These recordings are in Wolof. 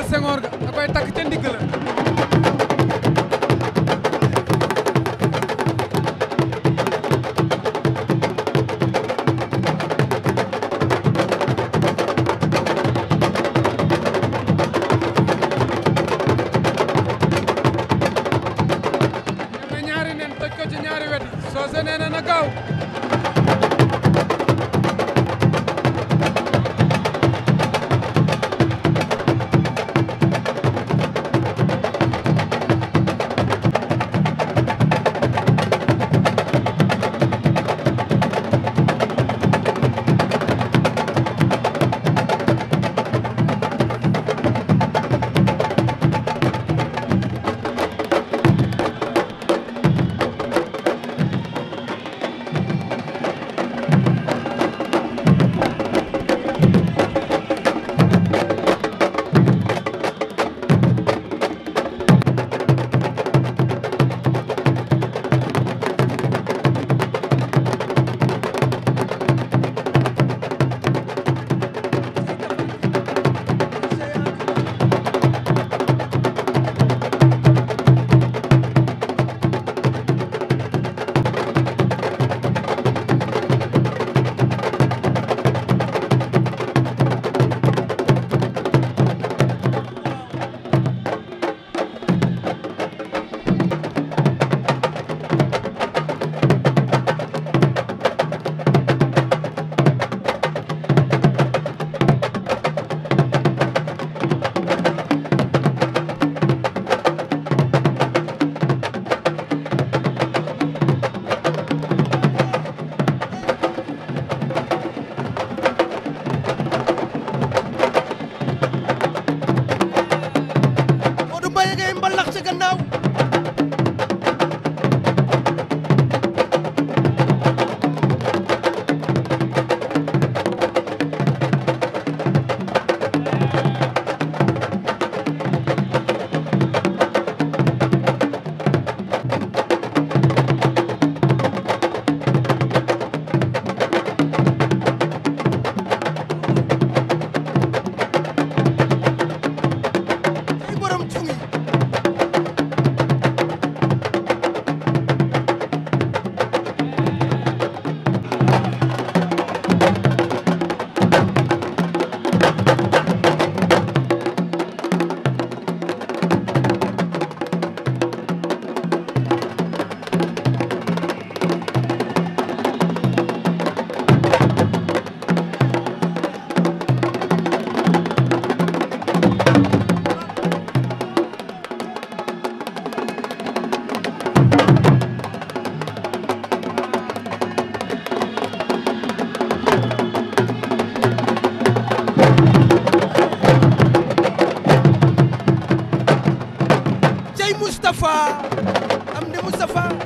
la Senghor ga da koy takk ca ndigg la Moustapha Amdi Moustapha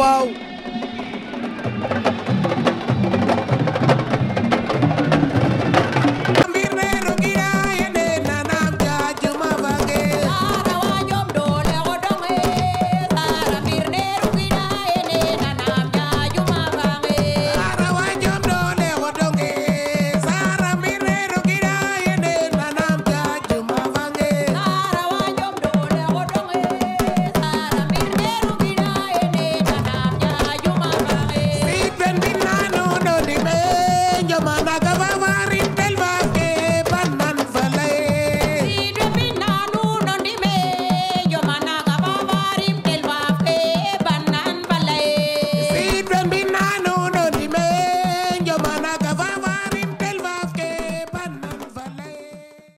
waaw waaw